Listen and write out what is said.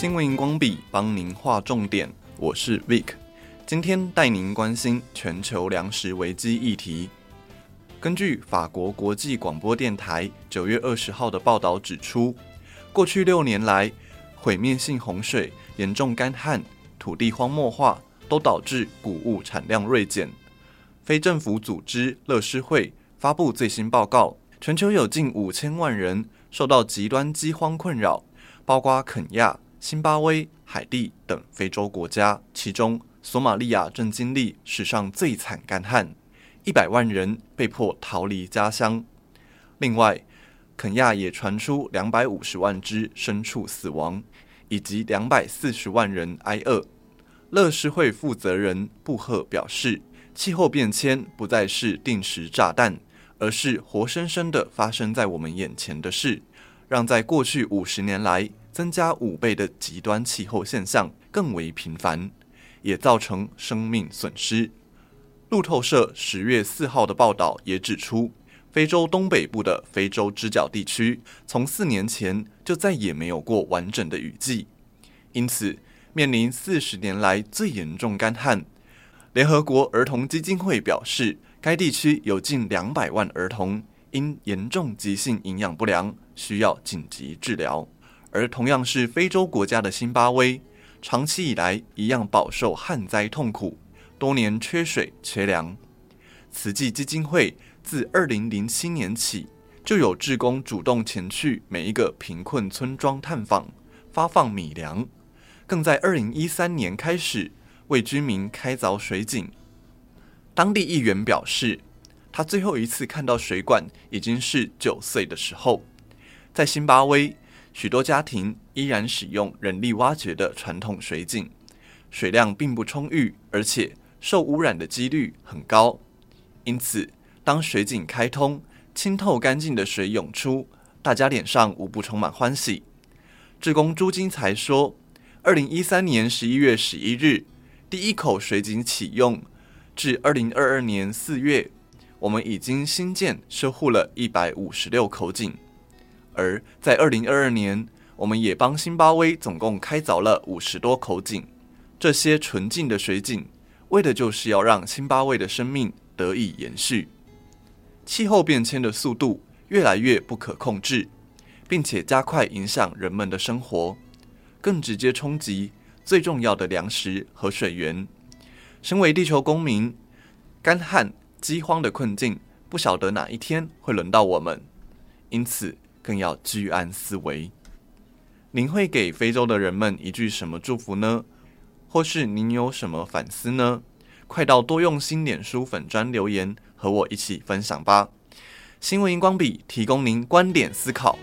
心聞螢光筆幫您畫重點，我是 Vic，今天帶您關心全球糧食危機議題。根據法國國際廣播電台九月二十號的報道指出，過去六年來，毀滅性洪水、嚴重乾旱、土地荒漠化都導致穀物產量銳減。非政府組織樂施會發布最新報告，全球有近五千萬人受到極端飢荒困擾，包括肯亞。辛巴威、海地等非洲國家，其中索馬利亞正經歷史上最慘乾旱，一百萬人被迫逃離家鄉。另外，肯亞也傳出兩百五十萬隻牲畜死亡，以及兩百四十萬人挨餓。樂施會負責人布赫表示：“氣候變遷不再是定時炸彈，而是活生生的發生在我們眼前的事，讓在過去五十年來，”增加五倍的極端氣候現象更為頻繁，也造成生命損失。路透社十月四號的報道也指出，非洲東北部的非洲之角地區從四年前就再也沒有過完整的雨季，因此面臨四十年來最嚴重乾旱。聯合國兒童基金會表示，該地區有近兩百萬兒童因嚴重急性營養不良，需要緊急治療。而同樣是非洲國家的辛巴威，長期以來一樣飽受旱災痛苦，多年缺水缺糧。慈濟基金會自二零零七年起，就有志工主動前去每一個貧困村莊探訪，發放米糧，更在二零一三年開始為居民開鑿水井。當地議員表示，他最後一次看到水管已經是九歲的時候，在辛巴威。許多家庭依然使用人力挖掘的傳統水井，水量並不充裕，而且受污染的幾率很高。因此，當水井開通，清透乾淨的水湧出，大家臉上無不充滿歡喜。志工朱金才說：“二零一三年十一月十一日，第一口水井啟用，至二零二二年四月，我們已經新建、修護了一百五十六口井。”而在二零二二年，我們也幫辛巴威總共開鑿了五十多口井。這些純淨的水井，為的就是要讓辛巴威的生命得以延續。氣候變遷的速度越來越不可控制，並且加快影響人們的生活，更直接衝擊最重要的糧食和水源。身為地球公民，乾旱、饑荒的困境，不曉得哪一天會輪到我們。因此，更要居安思危。您會給非洲的人們一句什麼祝福呢？或是您有什麼反思呢？快到多用心臉書粉專留言，和我一起分享吧。心聞螢光筆提供您觀點思考。